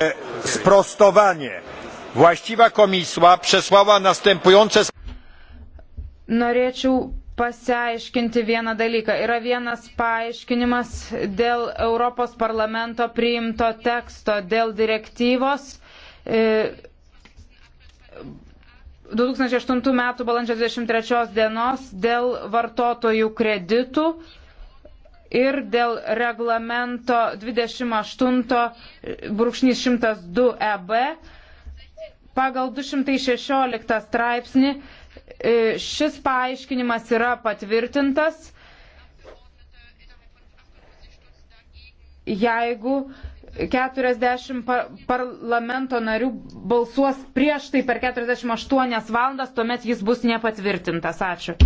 E, sprostowanie. Właściwa komisja przesłała następujące. Norėčiau pasiaiškinti vieną dalyką. Yra vienas paaiškinimas dėl Europos parlamento priimto teksto, dėl direktyvos. 2008 e, m. balandžio 23 dienos dėl vartotojų kreditų ir dėl reglamento 28.102 EB pagal 216 straipsnį e, šis paaiškinimas yra patvirtintas, jeigu 40 parlamento narių balsuos prieš tai per 48 valandas, tuomet jis bus nepatvirtintas. Ačiū.